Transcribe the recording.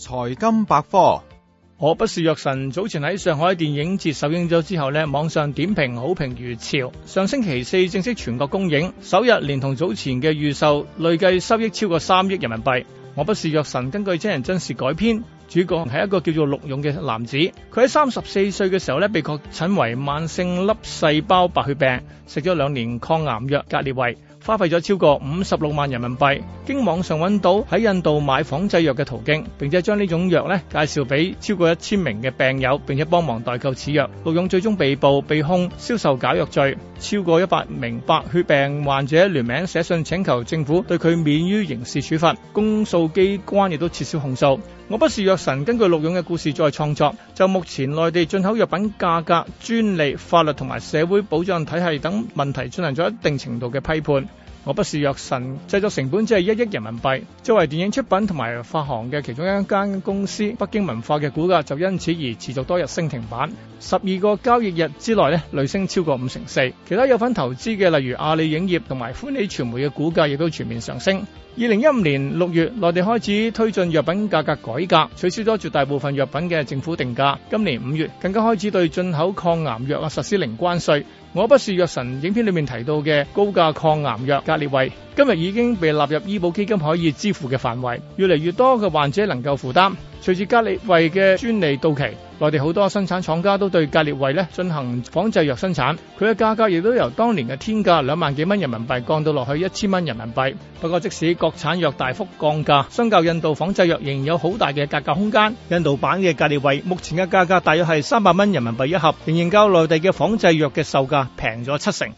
財金百科，我不是藥神，早前喺上海電影節首映咗之後呢，網上點評好評如潮。上星期四正式全國公映，首日連同早前嘅預售，累計收益超過三億人民幣。我不是藥神根據真人真事改編，主角係一個叫做陸勇嘅男子，佢喺三十四歲嘅時候呢，被確診為慢性粒細胞白血病，食咗兩年抗癌藥格列衛。花費咗超過五十六萬人民幣，經網上揾到喺印度買仿製藥嘅途徑，並且將呢種藥咧介紹俾超過一千名嘅病友，並且幫忙代購此藥。陸勇最終被捕，被控銷售假藥罪。超過一百名白血病患者聯名寫信請求政府對佢免於刑事處罰。公訴機關亦都撤銷控訴。我不是藥神，根據陸勇嘅故事再創作。就目前內地進口藥品價格、專利、法律同埋社會保障體系等問題，進行咗一定程度嘅批判。我不是藥神，製作成本只係一億人民幣。作為電影出品同埋發行嘅其中一間公司，北京文化嘅股價就因此而持續多日升停板。十二個交易日之內咧，累升超過五成四。其他有份投資嘅，例如阿里影業同埋歡喜傳媒嘅股價亦都全面上升。二零一五年六月，內地開始推進藥品價格改革，取消咗絕大部分藥品嘅政府定價。今年五月，更加開始對進口抗癌藥啊實施零關稅。我不是藥神影片裏面提到嘅高價抗癌藥格列衛，今日已經被納入醫保基金可以支付嘅範圍，越嚟越多嘅患者能夠負擔。隨住格列衛嘅專利到期，內地好多生產廠家都對格列衛咧，進行仿製藥生產，佢嘅價格亦都由當年嘅天價兩萬幾蚊人民幣降到落去一千蚊人民幣。不過即使國產藥大幅降價，相較印度仿製藥仍有好大嘅價格空間。印度版嘅格列衛目前嘅價格大約係三百蚊人民幣一盒，仍然較內地嘅仿製藥嘅售價平咗七成。